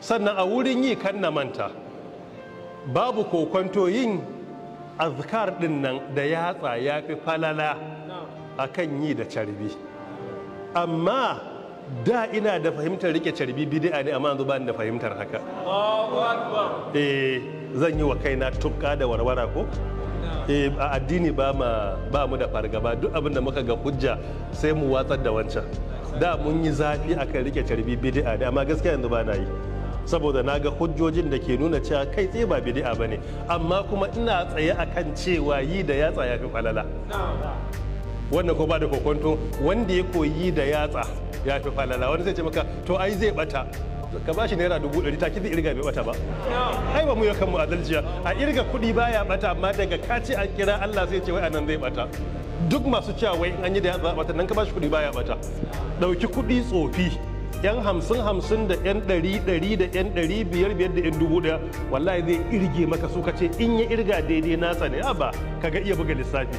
sannan a wurin yi kan na manta babu kokonto yin azkar din nan da yatsa ya fi falala a kan yi da carbi amma da ina da fahimtar rike carbi bidi'a ne amma yanzu ba da fahimtar haka eh zan yi wa kaina tukka da warwara ko eh a addini ba mu da fargaba duk abin da muka ga hujja sai mu watsar da wancan da mun yi zafi akan rike carbi bid'a da amma gaskiya yanzu ba na yi saboda na ga hujjojin da ke nuna cewa kai tsaye ba bidi'a ba ne amma kuma ina tsaye akan cewa yi da yatsa ya fi falala wannan ko ba da kokonto wanda ya koyi da yatsa ya fi falala wani zai ce maka to ai zai bata ka ba shi naira dubu ɗari ta zai irga bai bata ba ai ba mu yakan mu a irga kuɗi baya bata amma daga kaci a kira Allah zai ce wai anan zai bata duk masu cewa wai an yi da ya bata nan ka ba shi kuɗi baya bata ɗauki kuɗi tsofi yan hamsin hamsin da yan ɗari ɗari da yan ɗari biyar biyar da yan dubu ɗaya wallahi zai irge maka su ka ce in ya irga daidai nasa ne ba ga iya buga lissafi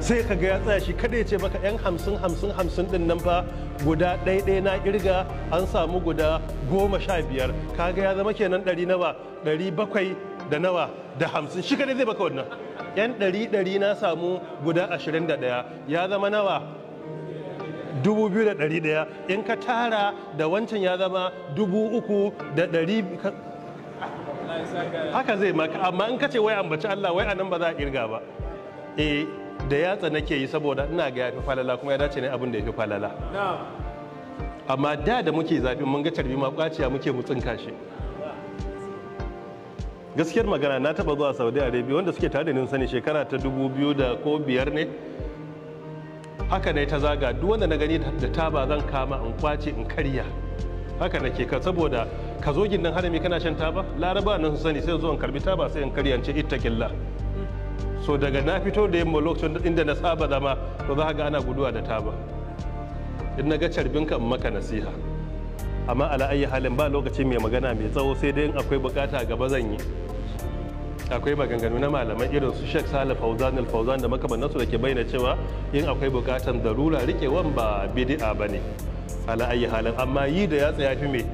sai ka ga ya tsaya shi kada ya ce maka yan hamsin hamsin hamsin din nan fa guda ɗaiɗai na kirga an samu guda goma sha biyar kaga ya zama kenan ɗari nawa ɗari bakwai da nawa da hamsin shi kadai zai baka wannan yan ɗari ɗari na samu guda ashirin da ɗaya ya zama nawa dubu biyu da ɗari ɗaya in ka tara da wancan ya zama dubu uku da ɗari haka zai maka amma in ka ce wai ambaci Allah wai anan ba za a kirga ba eh da yatsa nake yi saboda ina ga yafi falala kuma ya dace ne abin da yafi falala amma da da muke zafi mun ga carbi ma kwaciya muke tsinka kashi gaskiyar magana na taba zuwa saudi arabia wanda suke tare da ni sani shekara ta dubu biyu da ko biyar ne haka ne ta zaga duk wanda na gani da taba zan kama in kwace in karya haka nake ka saboda ka zo gindin harami kana shan taba laraba nan sun sani sai zuwan in karbi taba sai in karya in ce so daga na fito da yamma lokacin inda na saba zama to za ga ana guduwa da taba in na ga carbin kan maka nasiha amma ala ayi halin ba lokaci mai magana mai tsawo sai dai akwai bukata gaba zan yi akwai maganganu na malaman irin su Sheikh Salih Fauzan al-Fauzan da makamanninsu da ke bayyana cewa yin akwai bukatan darura rikewan ba bid'a bane ala ayi halin amma yi da yatsa fi me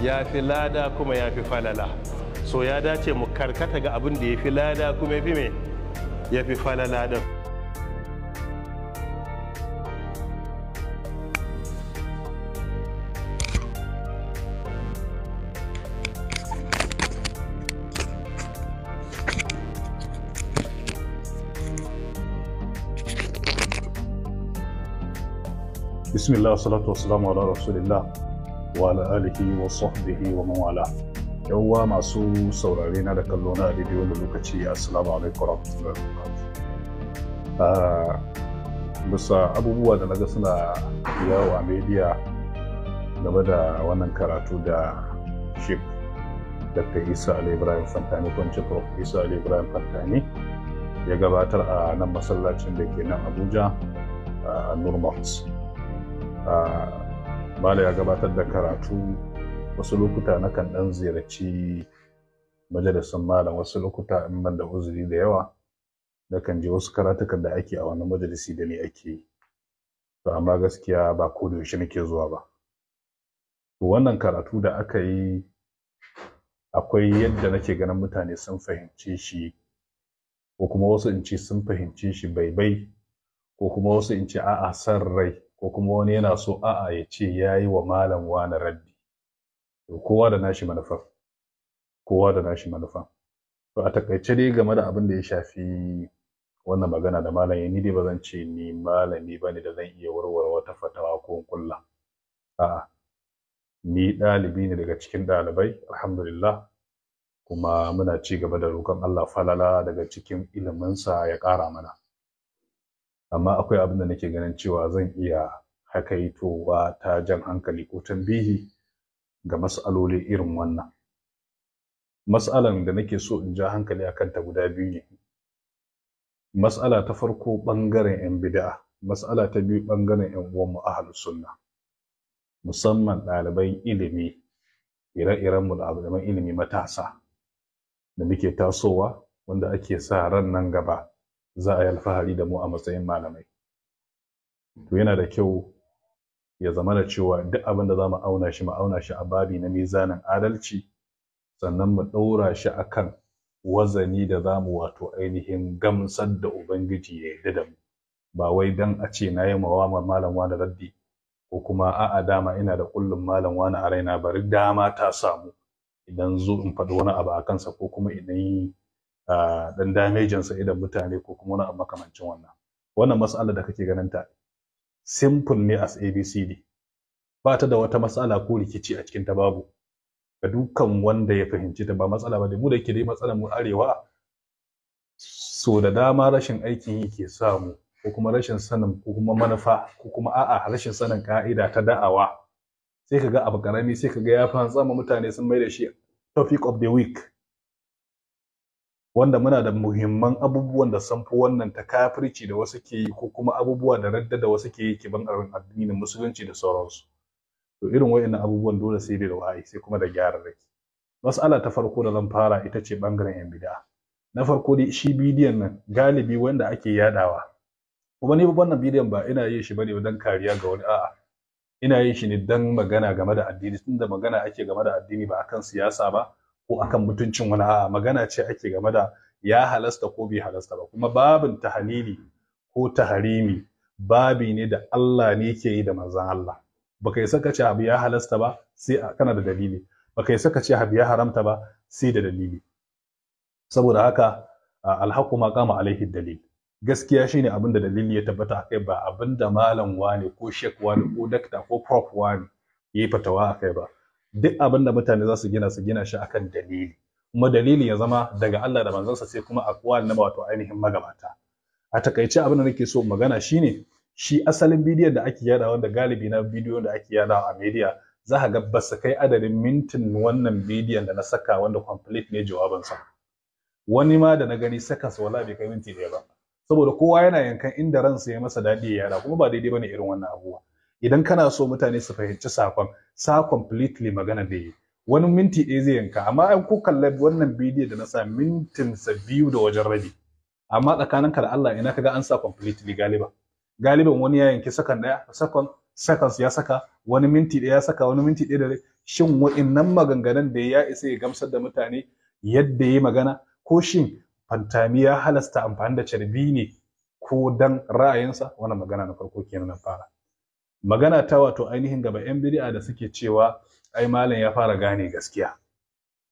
fi lada kuma ya fi falala so ya dace mu karkata ga abin da ya fi lada kuma fi me يفي fi falala بسم الله والصلاة والسلام على رسول الله وعلى آله وصحبه ومن والاه yawwa masu saurare na da kallo na daidai da lokaci assalamu alaikum warahmatullahi wabarakatuh ah, bisa abubuwa da naga suna yawo a media game da wannan karatu da ship dr isa ali ibrahim fantani kwanci prof isa ali ibrahim fantani ya gabatar a nan masallacin da ke nan abuja a ah, nurmont bala ah, ya gabatar da karatu wasu lokuta na kan ɗan ziyarci majalisun malam wasu lokuta in ban da uzuri da yawa na kan je wasu karatukan da ake a wani majalisi da ni ake yi to amma gaskiya ba ko da yaushe nake zuwa ba to wannan karatu da aka yi akwai yadda nake ganin mutane sun fahimce shi ko kuma wasu in ce sun fahimce shi bai-bai, ko kuma wasu in ce a'a san rai ko kuma wani yana so a'a ya ce ya yi wa malam wani raddi kowa da nashi manufa kowa da nashi manufa to a takaice dai game da abin da ya shafi wannan magana da malam ni dai ba zan ce ni malami ba ne da zan iya warware wata fatawa ko kulla a'a ni ɗalibi ne daga cikin ɗalibai alhamdulillah kuma muna ci gaba da roƙon Allah falala daga cikin iliminsa ya ƙara mana amma akwai abin da nake ganin cewa zan iya hakaitowa ta jan hankali ko tambihi ga matsaloli irin wannan mas'alan da nake so in ja hankali a kanta guda biyu ne matsala ta farko ɓangaren 'yan bida'a matsala ta biyu ɓangaren 'yan mu ahlus sunna musamman ɗaliban ilimi ire iren da ɗaliban ilimi matasa da muke tasowa wanda ake sa ran nan gaba za a yi alfahari da mu a matsayin malamai to yana da kyau ya zama da cewa duk abin da za mu auna shi mu auna shi a babi na mizanin adalci sannan mu ɗaura shi a kan wazani da za mu wato ainihin gamsar da ubangiji ya yarda da mu ba wai dan a ce na yi mawa malam wani rabbi ko kuma a'a dama ina da kullum malam wani a raina bari dama ta samu idan zo in faɗi wani abu a kansa ko kuma idan yi dan ah, damejinsa idan mutane ko kuma wani abu makamancin wannan wannan mas'alar da kake ganin ta simple ne as abcd ba ta da wata matsala ko rikici a cikin ta babu ga dukkan wanda ya fahimci ta ba matsala ba da mu da ke dai matsalar mu arewa so da dama rashin aikin yi ke samu ko kuma rashin sanin ko kuma manufa ko kuma a'a rashin sanin ka'ida ta da'awa sai ka ga abu karami sai ka ga ya fi mutane sun mai da shi topic of the week wanda muna da muhimman abubuwan da sun fi wannan kafirci da wasu ke yi ko kuma abubuwa da radda da wasu ke yi ke bangaren addinin musulunci da sauransu to irin wa'annan abubuwan dole sai da wa'ayi sai kuma da gyara raki mas'ala ta farko da zan fara ita ce bangaren yan bid'a na farko dai shi bidiyon nan galibi wanda ake yadawa kuma ni wannan bidiyon ba ina yin shi bane don kariya ga wani a'a ina yin shi ne don magana game da addini tunda magana ake game da addini ba akan siyasa ba ko akan mutuncin wani a'a magana ce ake game da ya halasta ko bai halasta ba kuma babin tahalili ko taharimi babi ne da Allah ne ke yi da manzan Allah baka yi saka ce abu ya halasta ba sai kana da dalili baka yi saka ce abu ya haramta ba sai da dalili saboda haka alhaqu ma qama alaihi dalil gaskiya shine abin da dalili ya tabbata akai ba abin da malam wane ko shek wane ko dakta ko prof wane yayi fatawa akai ba duk abin da mutane za su gina su gina shi akan dalili kuma dalili ya zama daga Allah da manzansa sai kuma aqwal na wato ainihin magabata a takaice abin da nake so magana shine shi asalin bidiyon da ake yada wanda galibi na bidiyon da ake yada a media za ka ga ba su kai adadin mintin wannan bidiyon da na saka wanda complete ne sa wani ma da na gani seconds wala bai kai minti ɗaya ba saboda kowa yana yankan inda ransa ya masa daɗi ya yada kuma ba daidai bane irin wannan abubuwa idan kana so mutane su fahimci sakon sa completely magana da yi wani minti ɗaya zai yanka amma an ku kalla wannan bidiyo da na sa mintin sa biyu da wajen rabi amma tsakanin ka da Allah ina kaga an sa completely galiba galiban wani ya yanki sakan ɗaya Sakon seconds ya saka wani minti ɗaya ya saka wani minti ɗaya da shin wa'innan maganganun da ya isa ya gamsar da mutane yadda ya magana ko shin fantami ya halasta amfani da carbi ne ko dan ra'ayinsa wannan magana na farko kenan na fara magana ta wato ainihin gaba yan bid'a da suke cewa ai malam ya fara gane gaskiya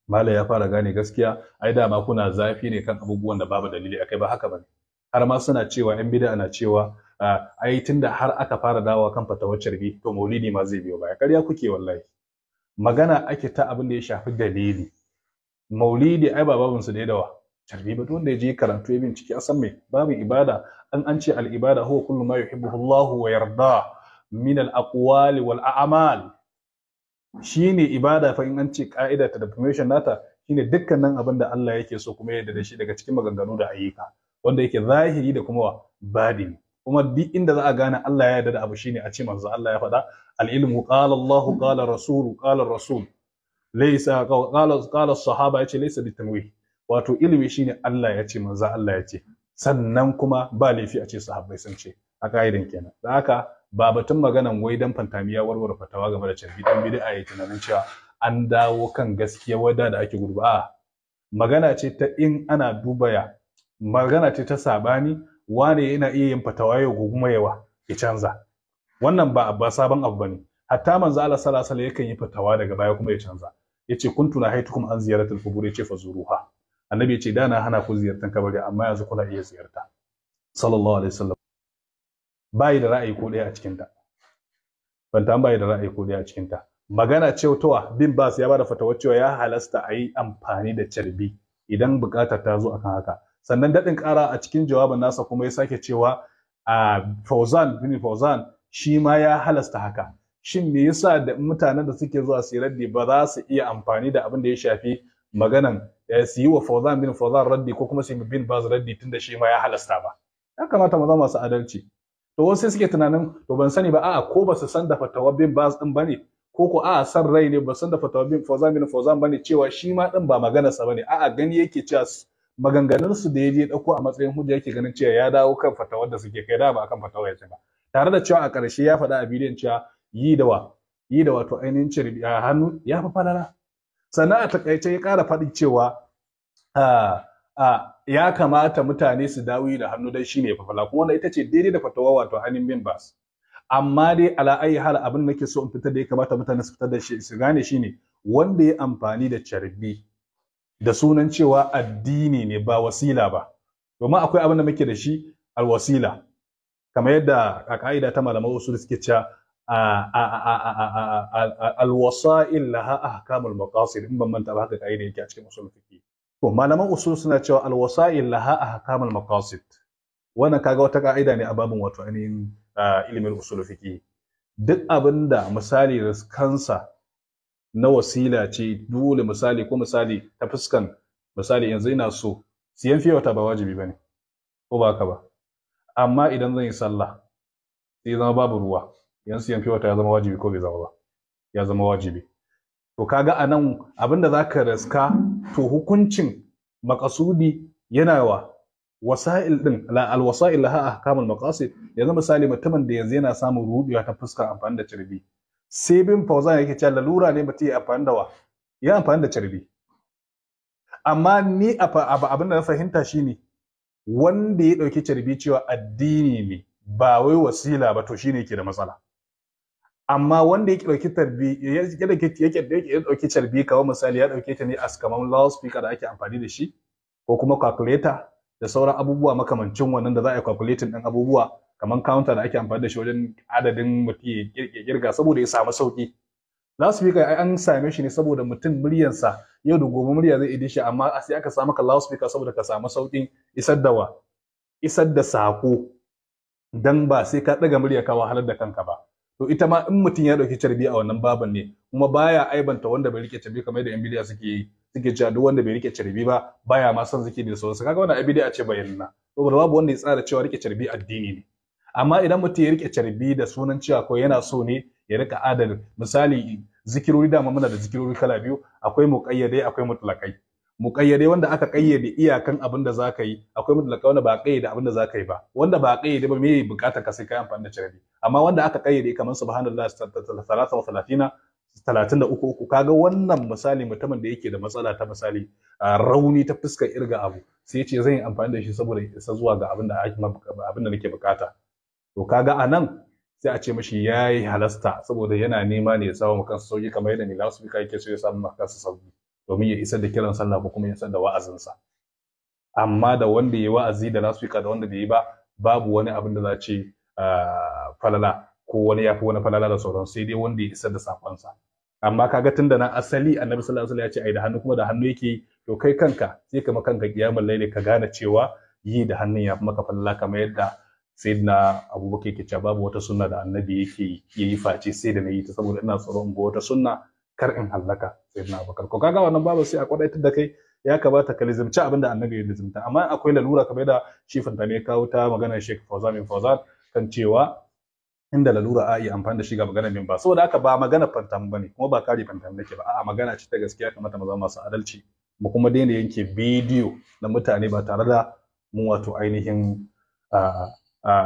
malam ya fara gane gaskiya ai dama kuna zafi ne kan abubuwan da babu dalili akai ba haka bane har ma suna cewa yan bid'a na cewa ai tunda har aka fara dawowa kan fatawar carbi to maulidi ma zai biyo baya ƙarya kuke wallahi magana ake ta abin da ya shafi dalili maulidi ai ba babunsu da yawa carbi ba wanda ya je karatu ya ciki a san me babu ibada an an ce al ibada huwa kullu ma yuhibbu Allahu wa yarda min al-aqwali shine ibada fa in an ce ka'ida ta definition nata shine dukkanin abin da Allah yake so kuma yadda da shi daga cikin maganganu da ayyuka wanda yake zahiri da kuma badini kuma duk inda za a gane Allah ya yarda da abu shine a ce manzo Allah ya faɗa al-ilmu qala Allahu qala rasulu qala rasul laysa qala qala sahaba yace laysa bitamwi wato ilimi shine Allah ya ce manzo Allah ya ce sannan kuma ba laifi a ce sahabbai sun ce a ka'idan kenan da haka ba batun maganan wai dan fantamiya warware fatawa game da carbi dan bid'a ya tunanin cewa an dawo kan gaskiya wadda da ake gurba? a magana ce ta in ana dubaya magana ce ta sabani wane yana iya yin fatawa ya gugu yawa ya canza wannan ba abba sabon abu bane hatta manzo Allah sallallahu alaihi yakan yi fatawa daga baya kuma ya canza yace kuntuna haitukum an ziyaratul qubur yace fazuruha annabi yace da na hana ku ziyartan kabari amma yanzu kuna iya ziyarta sallallahu alaihi wasallam bayi da ra'ayi ko ɗaya a cikinta bantan bayi da ra'ayi ko ɗaya a cikinta magana cewa bin bas ya bada fatawar cewa ya halasta a yi amfani da carbi idan buƙatar ta zo akan haka sannan daɗin ƙara a cikin jawabin nasa kuma ya sake cewa a fauzan bin fauzan shi ma ya halasta haka shin me yasa da mutanen da suke zuwa su raddi ba za su iya amfani da abin da ya shafi maganan eh, su yi wa fauzan bin fauzan raddi ko kuma su yi bin baz raddi tunda shi ma ya halasta ba ya kamata mu zama masu adalci to wasu suke tunanin to ban sani ba a'a ko ba su san da fatawabin ba bas din bane ko ko a'a san rai ne ba san da fatawabin for Fauzan for Fauzan bane cewa shi ma din ba maganarsa bane a'a gani yake cewa maganganun su da yaje dauko a matsayin hujja yake ganin cewa ya dawo kan fatawar da suke kai da ba kan fatawar ya ce ba tare da cewa a ƙarshe ya faɗa a bidiyon cewa yi da wa yi da wato ainihin cire hannu ya fi falala sannan a takaice ya ƙara faɗi cewa ah, a ya kamata mutane su dawo da hannu dan shine fafala kuma wannan ita ce daidai da fatawa wato hannun bin bas amma dai ala ayi hal abin da nake so in fitar da ya kamata mutane su fitar da shi su gane shine wanda ya amfani da carbi da sunan cewa addini ne ba wasila ba domin akwai abin da muke da shi alwasila kamar yadda a ka'ida ta malaman su suke cewa wasail laha ahkamul maqasid in ban manta ba haka ka'ida yake a cikin usul to malaman usul suna cewa alwasail laha ahkamul maqasid wannan kaga wata ka'ida ne a babin wato ainihin ah, ilimin usul fiqi duk misali da misali na wasila ce dole misali ko misali ta fuskan misali yanzu ina so siyan fiye wata ba wajibi bane ko ba ka ba amma idan zan yi sallah sai zama babu ruwa yan siyan fiye wata ya zama wajibi ko bai zama ba ya zama wajibi to kaga anan abinda za ka raska to hukuncin makasudi yana wa wasa'il din la al wasa'il laha ahkamul maqasid yanzu misali mutumin da yanzu yana samun rudewa ta fuskar amfani da carbi sai bin Fawzan yake cewa lalura ne mutum ya amfani da wa ya amfani da carbi amma ni abin da na fahimta shine wanda ya dauki carbi cewa addini ne ba wai wasila ba to shine yake da matsala amma wanda ya ɗauki tarbi ya ɗauki carbi kawo misali ya ɗauke ta ne as kamar loudspeaker da ake amfani da shi ko kuma calculator da sauran abubuwa makamancin wannan da za a yi calculating ɗin abubuwa kamar counter da ake amfani da shi wajen adadin mutum ya kirga saboda ya samu sauki loudspeaker ai an same shi ne saboda mutum muryarsa yau da gobe murya zai idi shi amma sai aka samu ka loudspeaker saboda ka samu saukin isar da wa isar da sako dan ba sai ka ɗaga murya ka wahalar da kanka ba to ita ma in mutum ya dauki carbi a wannan baban ne kuma baya aibanta wanda bai rike carbi kamar yadda yan bidiya suke yi suke cewa duk wanda bai rike carbi ba baya ma son zikiri da sauransu kaga wannan abidiya ce bayyana saboda babu wanda ya tsara cewa rike carbi addini ne amma idan mutum ya rike carbi da sunan cewa ko yana so ne ya rika adal misali zikirori dama muna da zikirori kala biyu akwai muƙayyadai akwai mutlakai muƙayyade wanda aka ƙayyade iyakan abin da za ka yi akwai mutlaka wanda ba a ƙayyade abin da za ka yi ba wanda ba a ƙayyade ba me buƙatar ka sai ka yi amfani da cirabi amma wanda aka ƙayyade kamar subhanallah salasa wa salatina talatin da uku uku kaga wannan misali mutumin da yake da matsala ta misali rauni ta fuskar irga abu sai ce zan yi amfani da shi saboda isa zuwa ga abin da nake buƙata to kaga a nan sai a ce mashi ya yi halasta saboda yana nema ne ya samu kansa sauki kamar yadda ne lasu yake so ya samu kansa sauki domin ya isar da kiran sallah ko kuma ya isar da wa'azinsa amma da wanda ya wa'azi da lasuika da wanda bai yi ba babu wani abin da za ce ah, falala ko wani ya fi wani falala da sauran sai dai wanda ya isar da sa amma kaga tun da nan asali annabi sallallahu alaihi wasallam ya ce ai da hannu kuma da hannu yake to kai kanka sai ka kanka kiyamul laili ka gane cewa yi da hannun ya maka falala kamar yadda sayyidina abubakar yake cewa babu wata sunna da annabi yake yi face sai da na yi ta saboda ina tsoron ga wata sunna kar in hallaka na bakar ko kaga wannan babu sai a kwadaitar da kai ya kamata ka lizimci abin da annabi ya lizimta amma akwai lalura kamar da shi fanta ne kawo ta magana Sheikh Fauzan bin Fauzan kan cewa inda lalura a yi amfani da shi ga magana min ba saboda haka ba magana fanta fantam bane kuma ba kare fanta fantam nake ba a'a magana ce ta gaskiya kamata mu zama masu adalci mu kuma daina yanke bidiyo na mutane ba tare da mu wato ainihin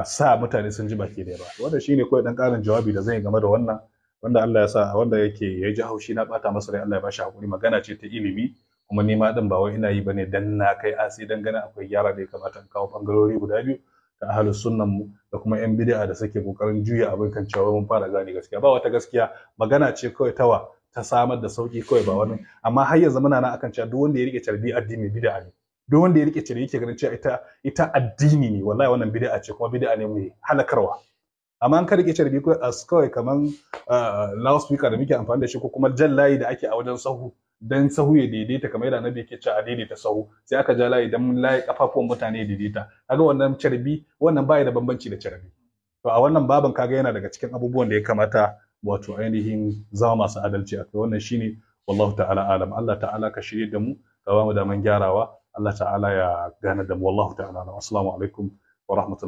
sa mutane sun ji baki daya ba wanda shine kawai dan ƙarin jawabi da zan yi game da wannan wanda Allah ya sa wanda yake ya ji haushi na bata masa rai Allah ya bashi hakuri magana ce ta ilimi kuma nima din ba wai ina yi bane dan na kai asi dan ganin akwai gyara da ya kamata in kawo bangarori guda biyu ta ahlus sunnan mu da kuma yan bid'a da suke kokarin juya abin kan cewa mun fara gane gaskiya ba wata gaskiya magana ce kawai tawa ta samar da sauki kawai ba wani amma har yanzu muna nan akan cewa duk wanda ya rike carbi addini bid'a ne duk wanda ya rike cire yake ganin cewa ita ita addini ne wallahi wannan bid'a ce kuma bid'a ne mai halakarwa amma an kada ke carbi kawai kaman loudspeaker da muke amfani da shi ko kuma jan layi da ake a wajen sahu dan sahu ya daidaita kamar yadda annabi yake ce a daidaita sahu sai aka ja layi dan layi kafafuwan mutane daidaita kaga wannan carbi wannan baya da bambanci da carbi to a wannan baban kaga yana daga cikin abubuwan da ya kamata wato ainihin zama masu adalci a kai wannan shine wallahu ta'ala alam Allah ta'ala ka shirye da mu ka ba mu daman gyarawa Allah ta'ala ya gane da mu wallahu ta'ala assalamu alaikum wa rahmatullahi